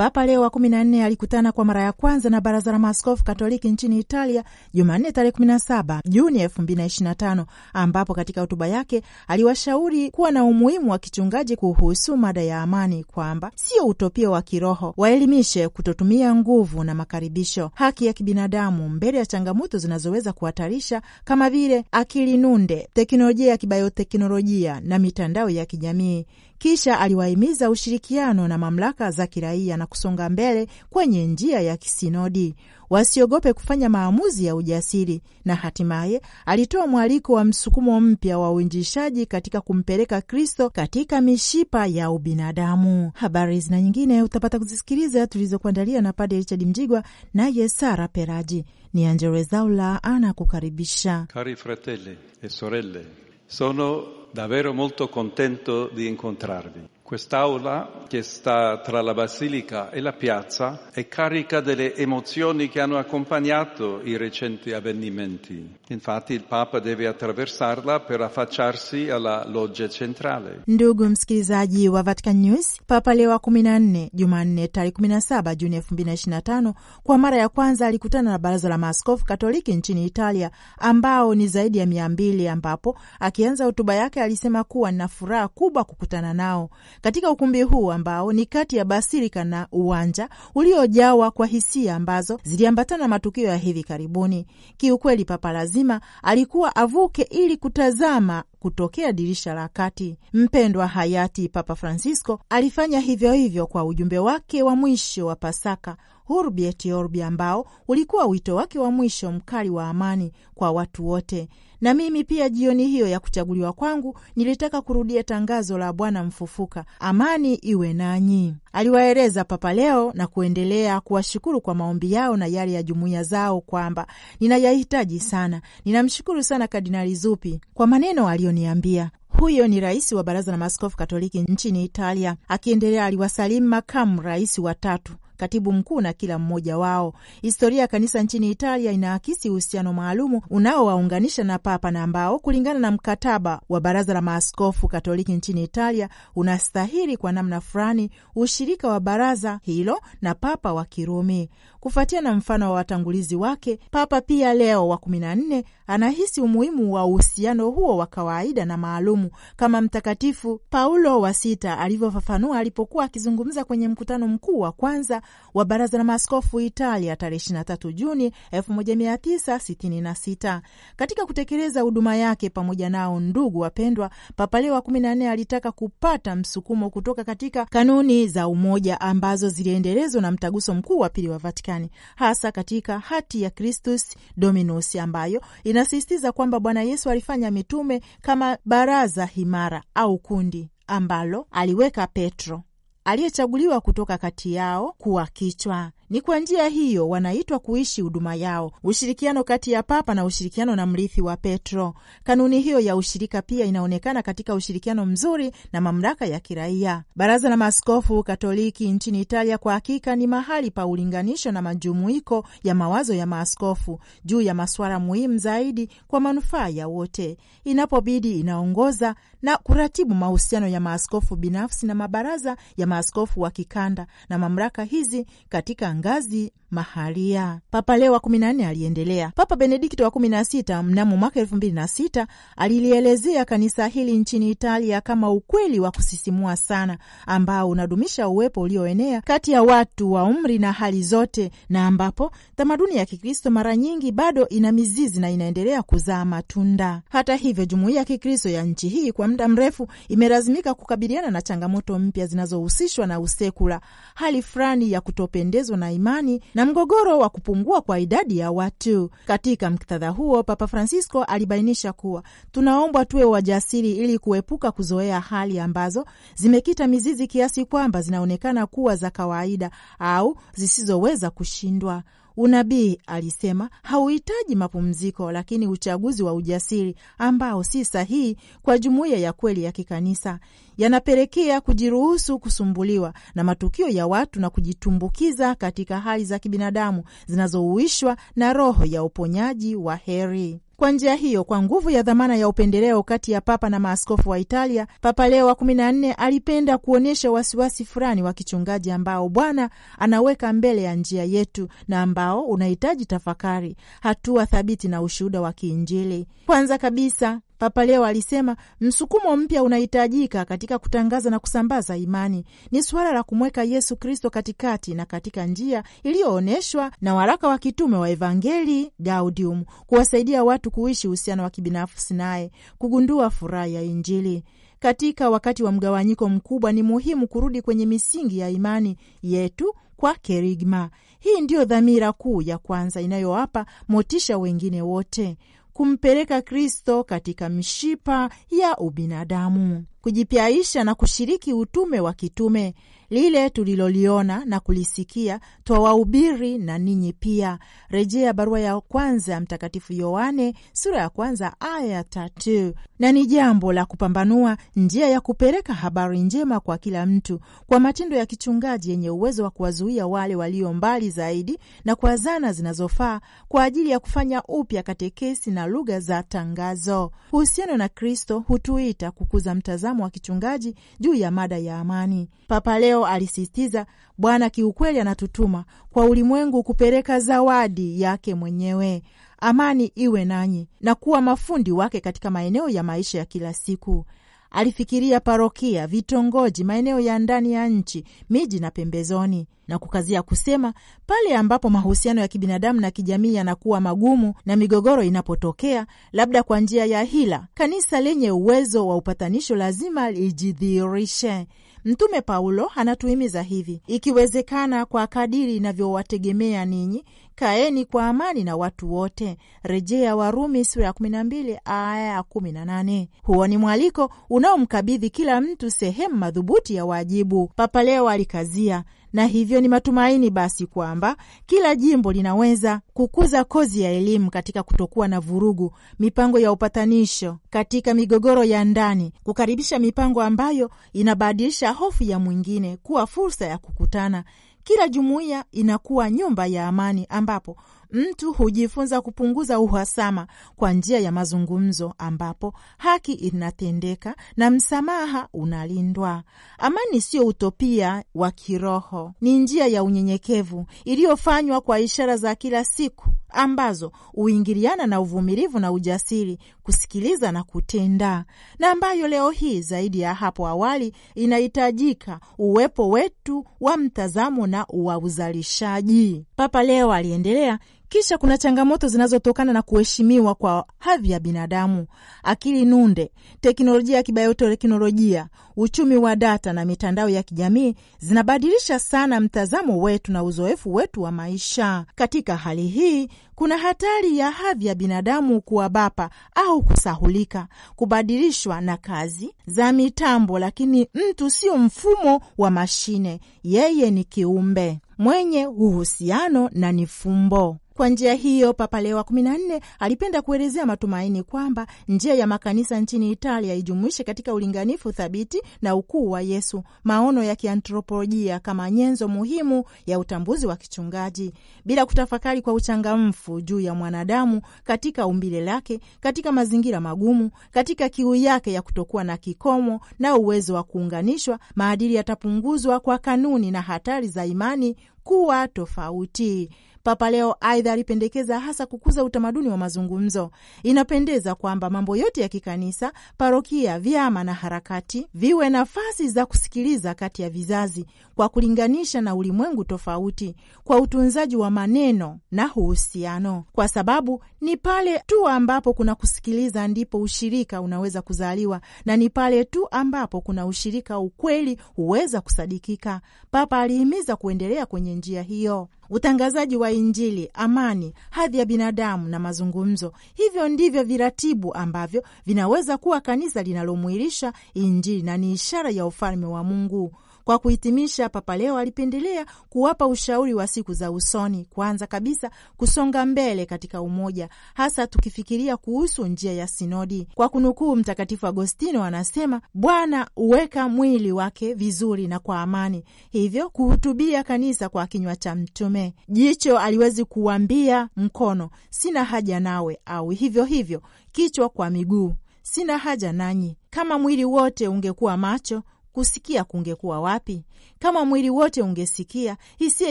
Papa Leo wa kumi na nne alikutana kwa mara ya kwanza na baraza la maaskofu Katoliki nchini Italia Jumanne tarehe 17 Juni 2025 ambapo katika hotuba yake aliwashauri kuwa na umuhimu wa kichungaji kuhusu mada ya amani, kwamba sio utopia wa kiroho, waelimishe kutotumia nguvu na makaribisho, haki ya kibinadamu mbele ya changamoto zinazoweza kuhatarisha kama vile akili nunde, teknolojia ya kibayoteknolojia na mitandao ya kijamii kisha aliwahimiza ushirikiano na mamlaka za kiraia na kusonga mbele kwenye njia ya kisinodi, wasiogope kufanya maamuzi ya ujasiri, na hatimaye alitoa mwaliko wa msukumo mpya wa uinjishaji katika kumpeleka Kristo katika mishipa ya ubinadamu. Habari zina nyingine utapata kuzisikiliza tulizokuandalia na Padre Richard Mjigwa naye Sara Peraji. Ni Angelo Zaula anakukaribisha. Cari fratelli e sorelle sono davvero molto contento di incontrarvi. Quest'aula che sta tra la basilica e la piazza è carica delle emozioni che hanno accompagnato i recenti avvenimenti. Infatti il Papa deve attraversarla per affacciarsi alla loggia centrale. Ndugu msikilizaji wa Vatican News, Papa Leo wa 14 Jumanne tarehe 17 Juni 2025 kwa mara ya kwanza alikutana na Baraza la Maaskofu Katoliki nchini Italia ambao ni zaidi ya 200 ambapo akianza hotuba yake alisema kuwa na furaha kubwa kukutana nao katika ukumbi huu ambao ni kati ya basilika na uwanja uliojawa kwa hisia ambazo ziliambatana matukio ya hivi karibuni. Kiukweli, papa lazima alikuwa avuke ili kutazama kutokea dirisha la kati. Mpendwa hayati Papa Francisco alifanya hivyo hivyo kwa ujumbe wake wa mwisho wa Pasaka, Urbi et Orbi, ambao ulikuwa wito wake wa mwisho mkali wa amani kwa watu wote. Na mimi pia jioni hiyo ya kuchaguliwa kwangu nilitaka kurudia tangazo la Bwana mfufuka, amani iwe nanyi, aliwaeleza Papa Leo, na kuendelea kuwashukuru kwa maombi yao na yale ya jumuiya zao kwamba ninayahitaji sana. Ninamshukuru sana Kardinali Zuppi kwa maneno aliyoniambia. Huyo ni rais wa Baraza la Maaskofu Katoliki nchini Italia. Akiendelea, aliwasalimu makamu rais watatu katibu mkuu na kila mmoja wao. Historia ya kanisa nchini Italia inaakisi uhusiano maalumu unaowaunganisha na Papa na ambao kulingana na mkataba wa Baraza la Maaskofu Katoliki nchini Italia unastahili kwa namna fulani ushirika wa baraza hilo na Papa wa Kirumi. Kufuatia na mfano wa watangulizi wake, Papa Pia Leo wa kumi na nne anahisi umuhimu wa uhusiano huo wa kawaida na maalumu, kama Mtakatifu Paulo wa Sita alivyofafanua alipokuwa akizungumza kwenye mkutano mkuu wa kwanza wa Baraza la Maaskofu Italia tarehe 23 Juni 1966. Katika kutekeleza huduma yake pamoja nao, ndugu wapendwa, Papa Leo wa 14 alitaka kupata msukumo kutoka katika kanuni za umoja ambazo ziliendelezwa na Mtaguso Mkuu wa Pili wa Vatikani, hasa katika hati ya Christus Dominus ambayo ina Inasisitiza kwamba Bwana Yesu alifanya mitume kama baraza himara au kundi ambalo aliweka Petro aliyechaguliwa kutoka kati yao kuwa kichwa. Ni kwa njia hiyo wanaitwa kuishi huduma yao, ushirikiano kati ya Papa na ushirikiano na mrithi wa Petro. Kanuni hiyo ya ushirika pia inaonekana katika ushirikiano mzuri na mamlaka ya kiraia. Baraza la Maaskofu Katoliki nchini Italia kwa hakika ni mahali pa ulinganisho na majumuiko ya mawazo ya maaskofu juu ya masuala muhimu zaidi kwa manufaa ya wote. Inapobidi inaongoza na kuratibu mahusiano ya maaskofu binafsi na mabaraza ya maaskofu wa kikanda na mamlaka hizi katika ngazi mahalia. Papa Leo wa 14 aliendelea. Papa Benedikto wa sita mnamo mwaka sita alilielezea kanisa hili nchini Italia kama ukweli wa kusisimua sana ambao unadumisha uwepo ulioenea kati ya watu wa umri na hali zote, na ambapo tamaduni ya Kikristo mara nyingi bado ina mizizi na inaendelea kuzaa matunda. Hata hivyo, jumuiya ya Kikristo ya nchi hii kwa muda mrefu imelazimika kukabiliana na changamoto mpya zinazohusishwa na usekula, hali fulani ya kutopendezwa na imani na mgogoro wa kupungua kwa idadi ya watu. Katika muktadha huo, Papa Francisco alibainisha kuwa tunaombwa tuwe wajasiri ili kuepuka kuzoea hali ambazo zimekita mizizi kiasi kwamba zinaonekana kuwa za kawaida au zisizoweza kushindwa. Unabii, alisema, hauhitaji mapumziko, lakini uchaguzi wa ujasiri ambao si sahihi kwa jumuiya ya kweli ya kikanisa yanapelekea kujiruhusu kusumbuliwa na matukio ya watu na kujitumbukiza katika hali za kibinadamu zinazouishwa na roho ya uponyaji wa heri. Kwa njia hiyo, kwa nguvu ya dhamana ya upendeleo kati ya papa na maaskofu wa Italia, Papa Leo wa 14 alipenda kuonyesha wasiwasi fulani wa kichungaji ambao Bwana anaweka mbele ya njia yetu na ambao unahitaji tafakari, hatua thabiti na ushuhuda wa kiinjili. Kwanza kabisa Papa Leo alisema msukumo mpya unahitajika katika kutangaza na kusambaza imani. Ni suala la kumweka Yesu Kristo katikati na katika njia iliyoonyeshwa na waraka wa kitume wa Evangelii Gaudium, kuwasaidia watu watu kuishi uhusiano wa kibinafsi naye, kugundua furaha ya Injili. Katika wakati wa mgawanyiko mkubwa, ni muhimu kurudi kwenye misingi ya imani yetu kwa kerigma. Hii ndiyo dhamira kuu ya kwanza inayowapa motisha wengine wote, kumpeleka Kristo katika mishipa ya ubinadamu kujipyaisha na kushiriki utume wa kitume lile tuliloliona na kulisikia twawahubiri na ninyi pia. Rejea barua ya kwanza ya Mtakatifu Yohane sura ya kwanza aya ya tatu. Na ni jambo la kupambanua njia ya kupeleka habari njema kwa kila mtu kwa matendo ya kichungaji yenye uwezo wa kuwazuia wale walio mbali zaidi na kwa zana zinazofaa kwa ajili ya kufanya upya katekesi na lugha za tangazo. Uhusiano na Kristo hutuita kukuza mtazamo mtazamo wa kichungaji juu ya mada ya amani. Papa leo alisisitiza, Bwana kiukweli anatutuma kwa ulimwengu kupeleka zawadi yake mwenyewe amani iwe nanyi na kuwa mafundi wake katika maeneo ya maisha ya kila siku. Alifikiria parokia, vitongoji, maeneo ya ndani ya nchi, miji na pembezoni, na kukazia kusema pale ambapo mahusiano ya kibinadamu na kijamii yanakuwa magumu na migogoro inapotokea, labda kwa njia ya hila, kanisa lenye uwezo wa upatanisho lazima lijidhihirishe Mtume Paulo anatuhimiza hivi: ikiwezekana, kwa kadiri inavyowategemea ninyi, kaeni kwa amani na watu wote. Rejea Warumi sura ya 12 aya ya 18. Huo ni mwaliko unaomkabidhi kila mtu sehemu madhubuti ya wajibu. Papa leo alikazia na hivyo ni matumaini basi kwamba kila jimbo linaweza kukuza kozi ya elimu katika kutokuwa na vurugu, mipango ya upatanisho katika migogoro ya ndani, kukaribisha mipango ambayo inabadilisha hofu ya mwingine kuwa fursa ya kukutana. Kila jumuiya inakuwa nyumba ya amani ambapo mtu hujifunza kupunguza uhasama kwa njia ya mazungumzo, ambapo haki inatendeka na msamaha unalindwa. Amani siyo utopia wa kiroho, ni njia ya unyenyekevu iliyofanywa kwa ishara za kila siku ambazo huingiliana na uvumilivu na ujasiri, kusikiliza na kutenda, na ambayo leo hii zaidi ya hapo awali inahitajika uwepo wetu wa mtazamo na wa uzalishaji. Papa leo aliendelea kisha kuna changamoto zinazotokana na kuheshimiwa kwa hadhi ya binadamu, akili nunde, teknolojia ya kibayoteknolojia, uchumi wa data na mitandao ya kijamii zinabadilisha sana mtazamo wetu na uzoefu wetu wa maisha. Katika hali hii, kuna hatari ya hadhi ya binadamu kuwabapa au kusahulika, kubadilishwa na kazi za mitambo, lakini mtu sio mfumo wa mashine. Yeye ni kiumbe mwenye uhusiano na ni fumbo. Kwa njia hiyo, Papa Leo wa kumi na nne alipenda kuelezea matumaini kwamba njia ya makanisa nchini Italia ijumuishe katika ulinganifu thabiti na ukuu wa Yesu maono ya kiantropolojia kama nyenzo muhimu ya utambuzi wa kichungaji, bila kutafakari kwa uchangamfu juu ya mwanadamu katika umbile lake, katika mazingira magumu, katika kiu yake ya kutokuwa na kikomo na uwezo wa kuunganishwa, maadili yatapunguzwa kwa kanuni na hatari za imani kuwa tofauti. Papa Leo aidha alipendekeza hasa kukuza utamaduni wa mazungumzo. Inapendeza kwamba mambo yote ya kikanisa, parokia, vyama na harakati viwe nafasi za kusikiliza kati ya vizazi kwa kulinganisha na ulimwengu tofauti, kwa utunzaji wa maneno na uhusiano, kwa sababu ni pale tu ambapo kuna kusikiliza ndipo ushirika unaweza kuzaliwa na ni pale tu ambapo kuna ushirika ukweli huweza kusadikika. Papa alihimiza kuendelea kwenye njia hiyo utangazaji wa Injili, amani, hadhi ya binadamu na mazungumzo. Hivyo ndivyo viratibu ambavyo vinaweza kuwa kanisa linalomwilisha Injili na ni ishara ya ufalme wa Mungu. Kwa kuhitimisha, Papa leo alipendelea kuwapa ushauri wa siku za usoni, kwanza kabisa kusonga mbele katika umoja, hasa tukifikiria kuhusu njia ya sinodi. Kwa kunukuu Mtakatifu Agostino, anasema Bwana huweka mwili wake vizuri na kwa amani, hivyo kuhutubia kanisa kwa kinywa cha mtume. Jicho aliwezi kuambia mkono, sina haja nawe, au hivyo hivyo kichwa kwa miguu, sina haja nanyi. Kama mwili wote ungekuwa macho Kusikia kungekuwa wapi kama mwili wote ungesikia? Hisia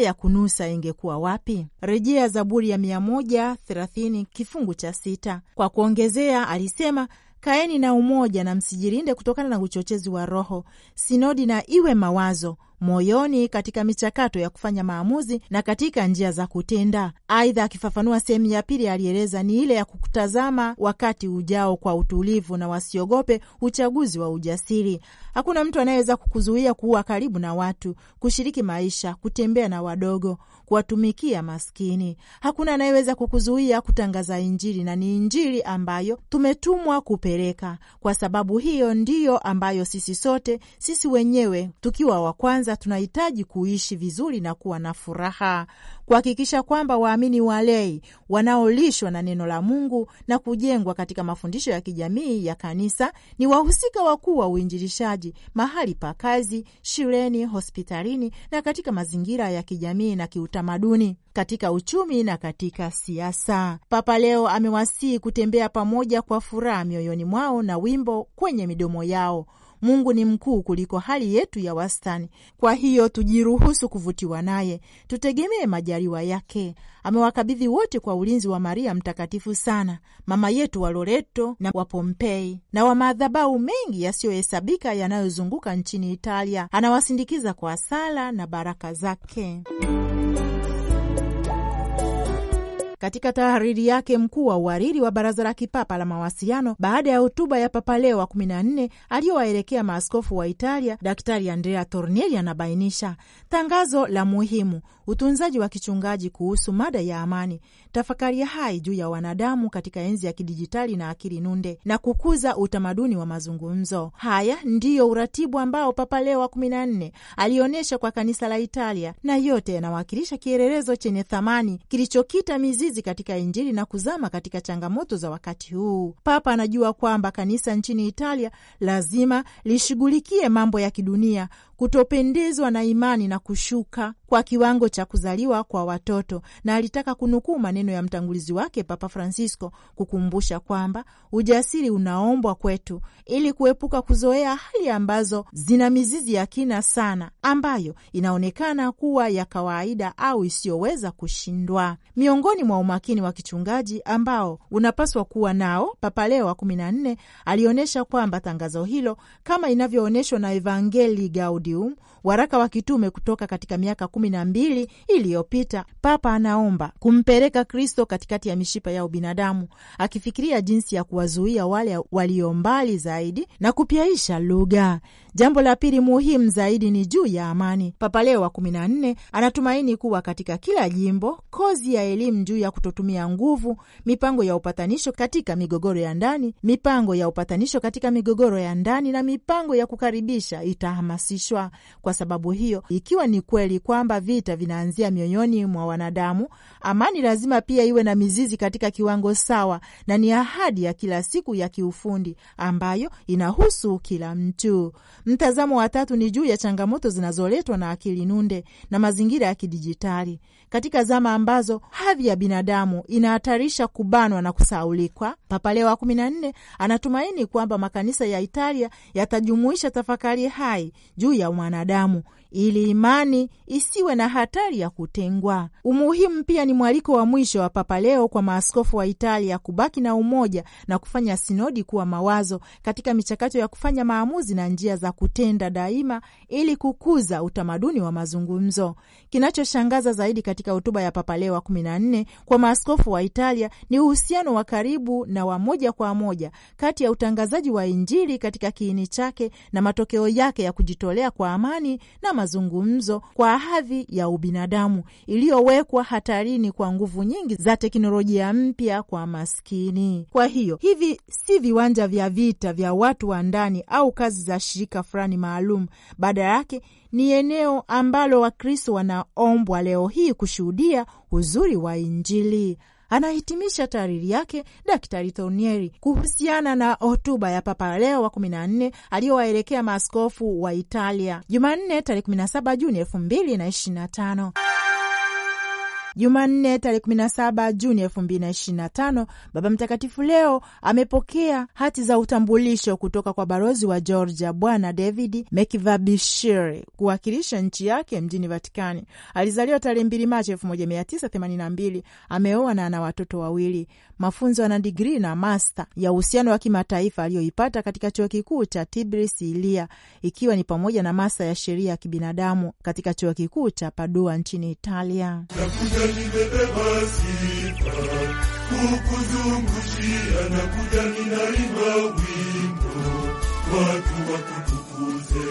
ya kunusa ingekuwa wapi? Rejea Zaburi ya 130 kifungu cha sita. Kwa kuongezea, alisema kaeni na umoja na msijirinde kutokana na uchochezi wa roho. Sinodi na iwe mawazo moyoni katika michakato ya kufanya maamuzi na katika njia za kutenda. Aidha, akifafanua sehemu ya pili, alieleza ni ile ya kutazama wakati ujao kwa utulivu na wasiogope uchaguzi wa ujasiri. Hakuna mtu anayeweza kukuzuia kuwa karibu na watu, kushiriki maisha, kutembea na wadogo, kuwatumikia maskini. Hakuna anayeweza kukuzuia kutangaza Injili, na ni Injili ambayo tumetumwa kupeleka. Kwa sababu hiyo ndiyo ambayo sisi sote, sisi wenyewe tukiwa wa kwanza kwanza tunahitaji kuishi vizuri na kuwa na furaha, kuhakikisha kwamba waamini walei wanaolishwa na neno la Mungu na kujengwa katika mafundisho ya kijamii ya kanisa ni wahusika wakuu wa uinjilishaji mahali pa kazi, shuleni, hospitalini na katika mazingira ya kijamii na kiutamaduni, katika uchumi na katika siasa. Papa leo amewasihi kutembea pamoja kwa furaha mioyoni mwao na wimbo kwenye midomo yao Mungu ni mkuu kuliko hali yetu ya wastani. Kwa hiyo tujiruhusu kuvutiwa naye, tutegemee majaliwa yake. Amewakabidhi wote kwa ulinzi wa Maria mtakatifu sana, mama yetu wa Loreto na wa Pompei na wa madhabahu mengi yasiyohesabika yanayozunguka nchini Italia. Anawasindikiza kwa sala na baraka zake. Katika tahariri yake, mkuu wa uhariri wa Baraza la Kipapa la Mawasiliano, baada ya hotuba ya Papa Leo wa 14 aliyowaelekea maaskofu wa Italia, Daktari Andrea Tornieli anabainisha tangazo la muhimu utunzaji wa kichungaji kuhusu mada ya amani tafakari hai juu ya wanadamu katika enzi ya kidijitali na akili nunde na kukuza utamaduni wa mazungumzo. Haya ndiyo uratibu ambao Papa Leo wa kumi na nne alionyesha kwa kanisa la Italia, na yote yanawakilisha kielelezo chenye thamani kilichokita mizizi katika Injili na kuzama katika changamoto za wakati huu. Papa anajua kwamba kanisa nchini Italia lazima lishughulikie mambo ya kidunia kutopendezwa na imani na kushuka kwa kiwango cha kuzaliwa kwa watoto, na alitaka kunukuu maneno ya mtangulizi wake Papa Francisco kukumbusha kwamba ujasiri unaombwa kwetu ili kuepuka kuzoea hali ambazo zina mizizi ya kina sana, ambayo inaonekana kuwa ya kawaida au isiyoweza kushindwa. Miongoni mwa umakini wa kichungaji ambao unapaswa kuwa nao, Papa Leo wa kumi na nne alionyesha kwamba tangazo hilo kama inavyoonyeshwa na Evangelii Gaudi Gaudium, waraka wa kitume kutoka katika miaka kumi na mbili iliyopita, Papa anaomba kumpeleka Kristo katikati ya mishipa ya ubinadamu, akifikiria jinsi ya kuwazuia wale walio mbali zaidi na kupyaisha lugha Jambo la pili muhimu zaidi ni juu ya amani. Papa Leo wa kumi na nne anatumaini kuwa katika kila jimbo kozi ya elimu juu ya kutotumia nguvu, mipango ya upatanisho katika migogoro ya ndani, mipango ya upatanisho katika migogoro ya ndani na mipango ya kukaribisha itahamasishwa. Kwa sababu hiyo, ikiwa ni kweli kwamba vita vinaanzia mioyoni mwa wanadamu, amani lazima pia iwe na mizizi katika kiwango sawa, na ni ahadi ya kila siku ya kiufundi ambayo inahusu kila mtu. Mtazamo wa tatu ni juu ya changamoto zinazoletwa na akili nunde na mazingira ya kidijitali katika zama ambazo hadhi ya binadamu inahatarisha kubanwa na kusaulikwa. Papa Leo wa kumi na nne anatumaini kwamba makanisa ya Italia yatajumuisha tafakari hai juu ya mwanadamu ili imani isiwe na hatari ya kutengwa. Umuhimu pia ni mwaliko wa mwisho wa Papa Leo kwa maaskofu wa Italia kubaki na umoja na kufanya sinodi kuwa mawazo katika michakato ya kufanya maamuzi na njia za kutenda daima, ili kukuza utamaduni wa mazungumzo. Kinachoshangaza zaidi katika hotuba ya Papa Leo wa kumi na nne kwa maaskofu wa Italia ni uhusiano wa karibu na wa moja kwa moja kati ya utangazaji wa Injili katika kiini chake na matokeo yake ya kujitolea kwa amani na mazungumzo kwa hadhi ya ubinadamu iliyowekwa hatarini kwa nguvu nyingi za teknolojia mpya kwa maskini. Kwa hiyo hivi si viwanja vya vita vya watu wa ndani au kazi za shirika fulani maalum, badala yake ni eneo ambalo Wakristo wanaombwa leo hii kushuhudia uzuri wa Injili. Anahitimisha taariri yake Daktari Thonieri kuhusiana na hotuba ya Papa Leo wa 14 aliyowaelekea maaskofu wa Italia Jumanne tarehe 17 Juni 2025. Jumanne tarehe 17 Juni 2025, Baba Mtakatifu leo amepokea hati za utambulisho kutoka kwa balozi wa Georgia Bwana David Mekivabishiri kuwakilisha nchi yake mjini Vatikani. Alizaliwa tarehe 2 Machi 1982, ameoa na ana watoto wawili mafunzo na digri na masta ya uhusiano wa kimataifa aliyoipata katika chuo kikuu cha Tibris Ilia, ikiwa ni pamoja na masta ya sheria ya kibinadamu katika chuo kikuu cha Padua nchini Italia. Kukuzungushia na kuja ninaimba wimbo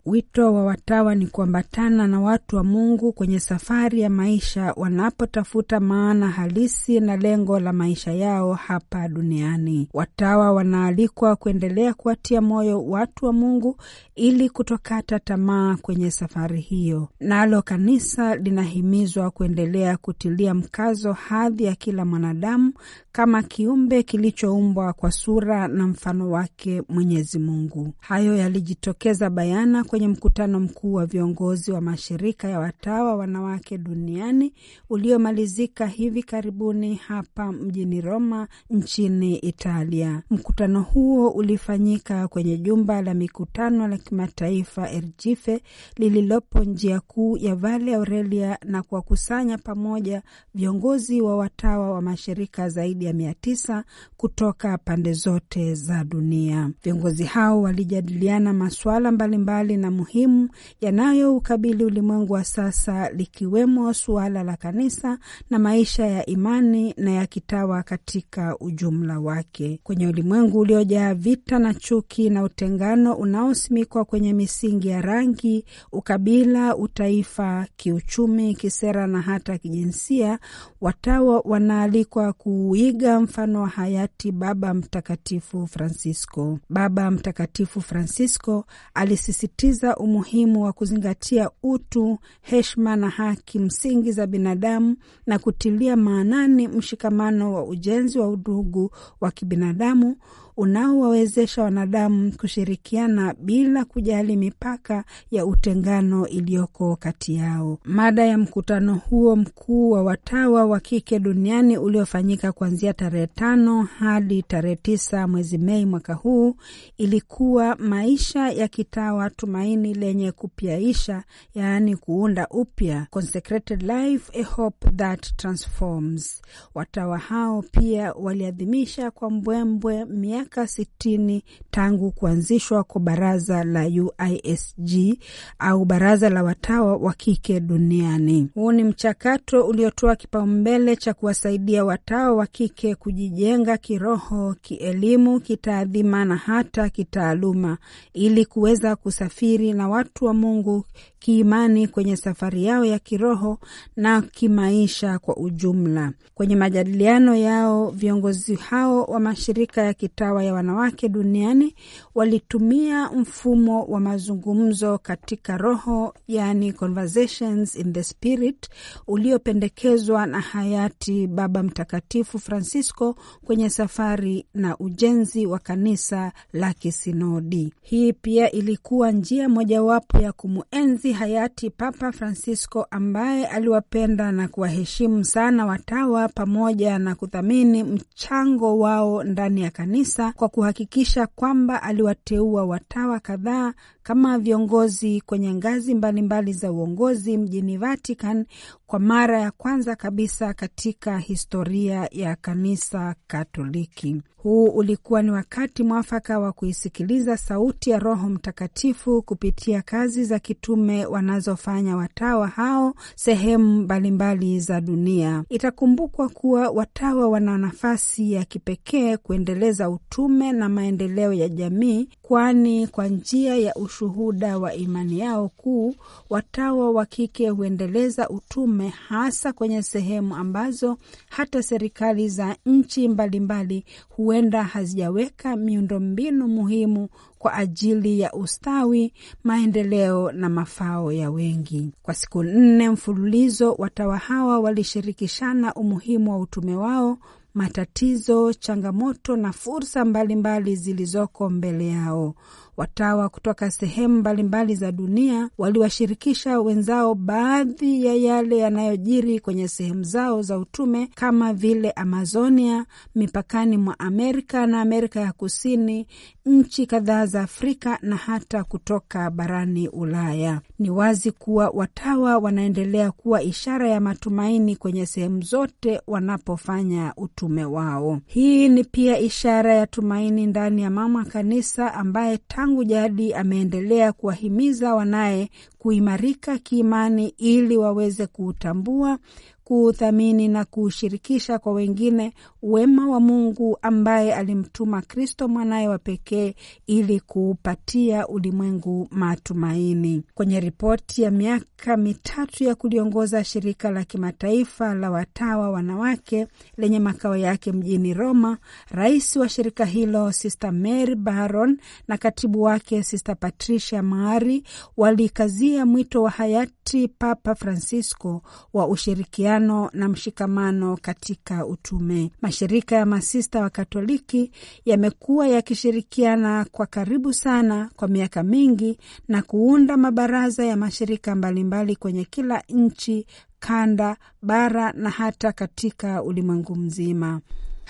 Wito wa watawa ni kuambatana na watu wa Mungu kwenye safari ya maisha wanapotafuta maana halisi na lengo la maisha yao hapa duniani. Watawa wanaalikwa kuendelea kuwatia moyo watu wa Mungu ili kutokata tamaa kwenye safari hiyo. Nalo kanisa linahimizwa kuendelea kutilia mkazo hadhi ya kila mwanadamu kama kiumbe kilichoumbwa kwa sura na mfano wake Mwenyezi Mungu. Hayo yalijitokeza bayana kwenye mkutano mkuu wa viongozi wa mashirika ya watawa wanawake duniani uliomalizika hivi karibuni hapa mjini Roma nchini Italia. Mkutano huo ulifanyika kwenye jumba la mikutano la kimataifa Erjife lililopo njia kuu ya Vale Aurelia na kuwakusanya pamoja viongozi wa watawa wa mashirika zaidi ya mia tisa kutoka pande zote za dunia. Viongozi hao walijadiliana masuala mbalimbali na muhimu yanayoukabili ulimwengu wa sasa, likiwemo suala la kanisa na maisha ya imani na ya kitawa katika ujumla wake, kwenye ulimwengu uliojaa vita na chuki na utengano unaosimikwa kwenye misingi ya rangi, ukabila, utaifa, kiuchumi, kisera na hata kijinsia. Watawa wanaalikwa kuiga kuiga mfano wa hayati Baba Mtakatifu Francisco. Baba Mtakatifu Francisco alisisitiza umuhimu wa kuzingatia utu, heshima na haki msingi za binadamu na kutilia maanani mshikamano wa ujenzi wa udugu wa kibinadamu unaowawezesha wanadamu kushirikiana bila kujali mipaka ya utengano iliyoko kati yao. Mada ya mkutano huo mkuu wa watawa wa kike duniani uliofanyika kuanzia kuanzia tarehe tano hadi tarehe tisa mwezi Mei mwaka huu ilikuwa maisha ya kitawa tumaini lenye kupyaisha, yaani kuunda upya, consecrated life a hope that transforms. Watawa hao pia waliadhimisha kwa mbwembwe miaka sitini tangu kuanzishwa kwa baraza la UISG au baraza la watawa wa kike duniani. Huu ni mchakato uliotoa kipaumbele cha kuwasaidia watawa wa kike kike kujijenga kiroho, kielimu, kitaadhima na hata kitaaluma ili kuweza kusafiri na watu wa Mungu kiimani kwenye safari yao ya kiroho na kimaisha kwa ujumla. Kwenye majadiliano yao, viongozi hao wa mashirika ya kitawa ya wanawake duniani walitumia mfumo wa mazungumzo katika roho, yani conversations in the spirit, uliopendekezwa na hayati Baba Mtakatifu Francisco kwenye safari na ujenzi wa kanisa la kisinodi. Hii pia ilikuwa njia mojawapo ya kumuenzi kumrithi hayati Papa Francisco ambaye aliwapenda na kuwaheshimu sana watawa pamoja na kuthamini mchango wao ndani ya kanisa kwa kuhakikisha kwamba aliwateua watawa kadhaa kama viongozi kwenye ngazi mbalimbali za uongozi mjini Vatican kwa mara ya kwanza kabisa katika historia ya kanisa Katoliki. Huu ulikuwa ni wakati mwafaka wa kuisikiliza sauti ya Roho Mtakatifu kupitia kazi za kitume wanazofanya watawa hao sehemu mbalimbali za dunia. Itakumbukwa kuwa watawa wana nafasi ya kipekee kuendeleza utume na maendeleo ya jamii kwani kwa njia ya ushuhuda wa imani yao kuu watawa wa kike huendeleza utume hasa kwenye sehemu ambazo hata serikali za nchi mbalimbali huenda hazijaweka miundombinu muhimu kwa ajili ya ustawi, maendeleo na mafao ya wengi. Kwa siku nne mfululizo, watawa hawa walishirikishana umuhimu wa utume wao matatizo, changamoto na fursa mbalimbali zilizoko mbele yao. Watawa kutoka sehemu mbalimbali za dunia waliwashirikisha wenzao baadhi ya yale yanayojiri kwenye sehemu zao za utume kama vile Amazonia, mipakani mwa Amerika na Amerika ya Kusini, nchi kadhaa za Afrika na hata kutoka barani Ulaya. Ni wazi kuwa watawa wanaendelea kuwa ishara ya matumaini kwenye sehemu zote wanapofanya utume wao. Hii ni pia ishara ya tumaini ndani ya mama kanisa ambaye tangu jadi ameendelea kuwahimiza wanaye kuimarika kiimani ili waweze kuutambua, kuuthamini na kuushirikisha kwa wengine wema wa Mungu ambaye alimtuma Kristo mwanaye wa pekee ili kuupatia ulimwengu matumaini. Kwenye ripoti ya miaka mitatu ya kuliongoza shirika la kimataifa la watawa wanawake lenye makao yake mjini Roma, rais wa shirika hilo Sister Mary Baron na katibu wake Sister Patricia mari walikazia mwito wa hayati Papa Francisco wa ushirikiano ushirikiano na mshikamano katika utume. Mashirika ya masista wa Katoliki yamekuwa yakishirikiana kwa karibu sana kwa miaka mingi na kuunda mabaraza ya mashirika mbalimbali kwenye kila nchi, kanda, bara na hata katika ulimwengu mzima.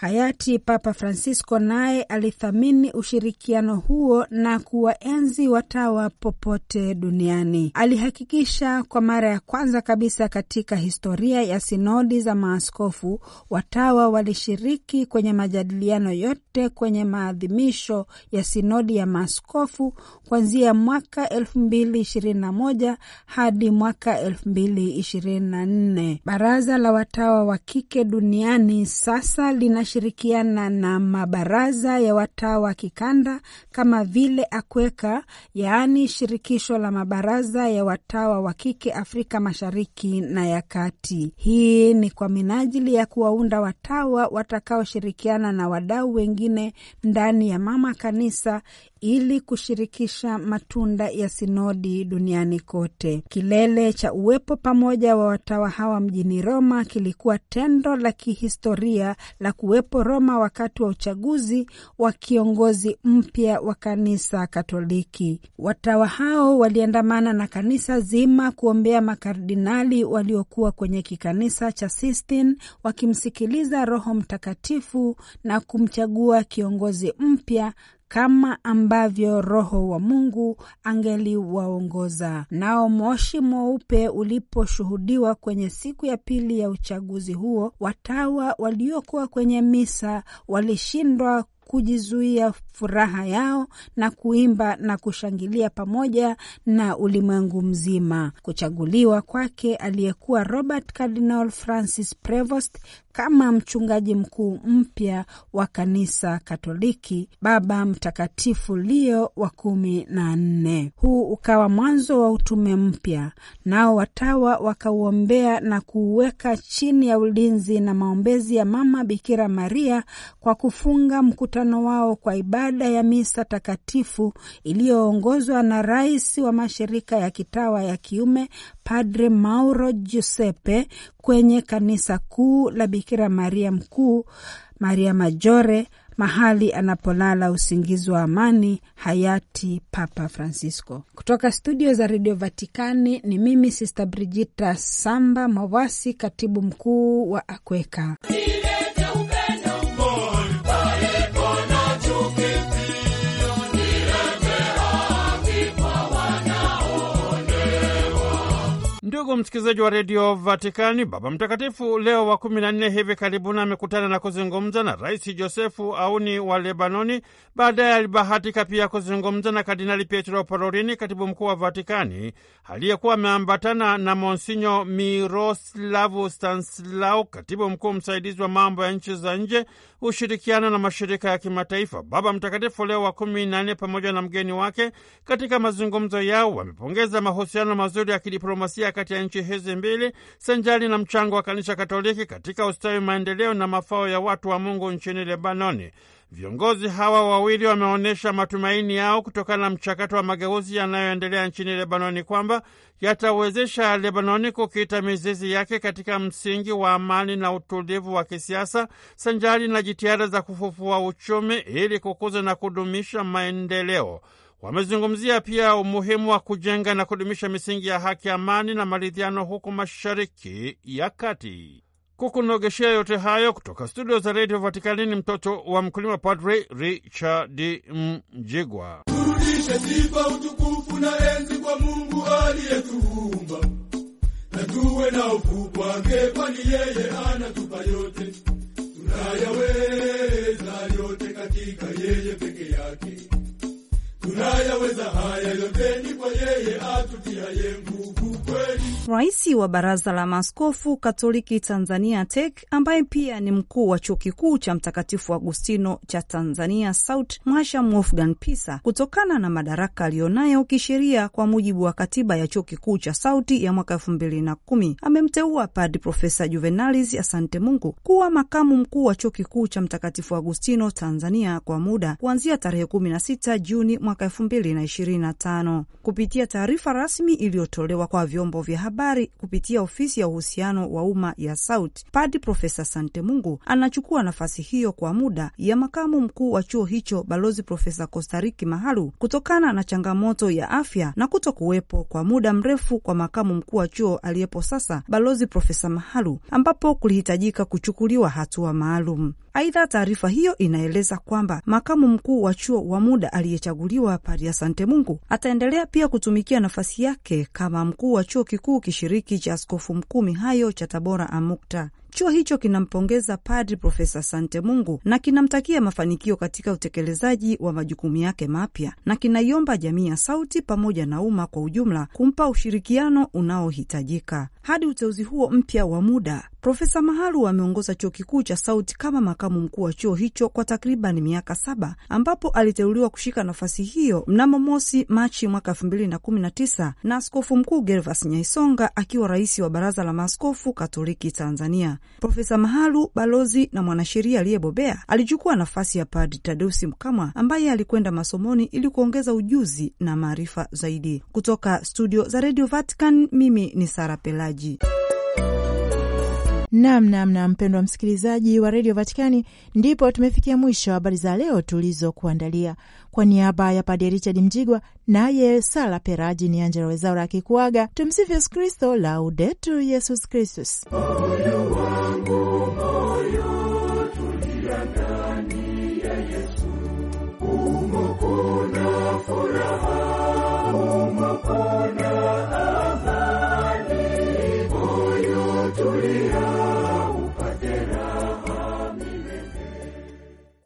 Hayati Papa Francisco naye alithamini ushirikiano huo na kuwaenzi watawa popote duniani. Alihakikisha kwa mara ya kwanza kabisa katika historia ya sinodi za maaskofu, watawa walishiriki kwenye majadiliano yote kwenye maadhimisho ya sinodi ya maaskofu kuanzia mwaka 2021 hadi mwaka 2024. Baraza la watawa wa kike duniani sasa lina anashirikiana na mabaraza ya watawa kikanda kama vile Akweka, yaani shirikisho la mabaraza ya watawa wa kike Afrika Mashariki na ya Kati. Hii ni kwa minajili ya kuwaunda watawa watakaoshirikiana na wadau wengine ndani ya mama kanisa ili kushirikisha matunda ya sinodi duniani kote. Kilele cha uwepo pamoja wa watawa hawa mjini Roma kilikuwa tendo la kihistoria la kuwe aliyewepo Roma wakati wa uchaguzi wa kiongozi mpya wa kanisa Katoliki. Watawa hao waliandamana na kanisa zima kuombea makardinali waliokuwa kwenye kikanisa cha Sistine, wakimsikiliza Roho Mtakatifu na kumchagua kiongozi mpya kama ambavyo Roho wa Mungu angeliwaongoza. Nao moshi mweupe uliposhuhudiwa kwenye siku ya pili ya uchaguzi huo, watawa waliokuwa kwenye misa walishindwa kujizuia furaha yao na kuimba na kushangilia pamoja na ulimwengu mzima. Kuchaguliwa kwake aliyekuwa Robert Cardinal Francis Prevost kama mchungaji mkuu mpya wa kanisa Katoliki, Baba Mtakatifu Leo wa kumi na nne. Huu ukawa mwanzo wa utume mpya, nao watawa wakauombea na kuuweka chini ya ulinzi na maombezi ya Mama Bikira Maria kwa kufunga mkutano mkutano wao kwa ibada ya misa takatifu iliyoongozwa na rais wa mashirika ya kitawa ya kiume Padre Mauro Giuseppe kwenye kanisa kuu la Bikira Maria Mkuu, Maria Majore, mahali anapolala usingizi wa amani hayati Papa Francisco. Kutoka studio za redio Vatikani ni mimi Sista Brigita Samba Mawasi, katibu mkuu wa Akweka. Ndugu msikilizaji wa redio Vatikani, Baba Mtakatifu Leo wa kumi na nne hivi karibuni amekutana na kuzungumza na Rais Josefu Auni wa Lebanoni. Baadaye alibahatika pia kuzungumza na Kardinali Pietro Parolini, katibu mkuu wa Vatikani, aliyekuwa ameambatana na Monsinyo Miroslavu stanslau katibu mkuu msaidizi wa mambo ya nchi za nje, ushirikiano na mashirika ya kimataifa. Baba Mtakatifu Leo wa kumi na nne pamoja na mgeni wake, katika mazungumzo yao wamepongeza mahusiano mazuri ya kidiplomasia kati ya nchi hizi mbili sanjari na mchango wa kanisa Katoliki katika ustawi, maendeleo na mafao ya watu wa Mungu nchini Lebanoni. Viongozi hawa wawili wameonyesha matumaini yao kutokana na mchakato wa mageuzi yanayoendelea nchini Lebanoni kwamba yatawezesha Lebanoni kukita mizizi yake katika msingi wa amani na utulivu wa kisiasa sanjari na jitihada za kufufua uchumi ili kukuza na kudumisha maendeleo. Wamezungumzia pia umuhimu wa kujenga na kudumisha misingi ya haki, amani na maridhiano huko Mashariki ya Kati. Kukunogeshea yote hayo kutoka studio za redio Vatikani ni mtoto wa mkulima Padre Richard Mjigwa. Turudishe sifa, utukufu na enzi kwa Mungu aliyetuumba, na tuwe na hofu ngepani kwani yeye anatupa yote haya yote ni kwa yeye atutiaye nguvu. Rais wa Baraza la Maaskofu Katoliki Tanzania TEC ambaye pia ni mkuu wa Chuo Kikuu cha Mtakatifu Agustino cha Tanzania SAUT Mhashamu Wolfgang Pisa kutokana na madaraka aliyonayo kisheria kwa mujibu wa katiba ya Chuo Kikuu cha SAUTI ya mwaka elfu mbili na kumi amemteua Padri Profesa Juvenalis Asante Mungu kuwa makamu mkuu wa Chuo Kikuu cha Mtakatifu Agustino Tanzania kwa muda kuanzia tarehe 16 Juni mwaka tano kupitia taarifa rasmi iliyotolewa kwa vyombo vya habari habari kupitia ofisi ya uhusiano wa umma ya SAUT. Padi Profesa Sante Mungu anachukua nafasi hiyo kwa muda ya makamu mkuu wa chuo hicho Balozi Profesa Kostariki Mahalu kutokana na changamoto ya afya na kuto kuwepo kwa muda mrefu kwa makamu mkuu wa chuo aliyepo sasa Balozi Profesa Mahalu, ambapo kulihitajika kuchukuliwa hatua maalum. Aidha, taarifa hiyo inaeleza kwamba makamu mkuu wa chuo wa muda aliyechaguliwa Padri Asante Mungu ataendelea pia kutumikia nafasi yake kama mkuu wa chuo kikuu kishiriki cha askofu mkuu Mihayo cha Tabora amukta Chuo hicho kinampongeza Padri Profesa Sante Mungu na kinamtakia mafanikio katika utekelezaji wa majukumu yake mapya na kinaiomba jamii ya Sauti pamoja na umma kwa ujumla kumpa ushirikiano unaohitajika hadi uteuzi huo mpya wa muda. Profesa Mahalu ameongoza chuo kikuu cha Sauti kama makamu mkuu wa chuo hicho kwa takriban miaka saba, ambapo aliteuliwa kushika nafasi hiyo mnamo mosi Machi mwaka elfu mbili na kumi na tisa na askofu mkuu Gervas Nyaisonga akiwa rais wa Baraza la Maaskofu Katoliki Tanzania. Profesa Mahalu, balozi na mwanasheria aliyebobea, alichukua nafasi ya Padri Tadeusi Mkamwa ambaye alikwenda masomoni ili kuongeza ujuzi na maarifa zaidi. Kutoka studio za Radio Vatican, mimi ni Sara Pelaji maji. Nam nam mpendwa msikilizaji wa redio Vatikani, ndipo tumefikia mwisho habari za leo tulizokuandalia. Kwa niaba ya Padre Richard Mjigwa naye Sara Peraji ni Angela Wezaura akikuaga. Tumsifu Yesu Kristo, laudetu Yesus Kristus.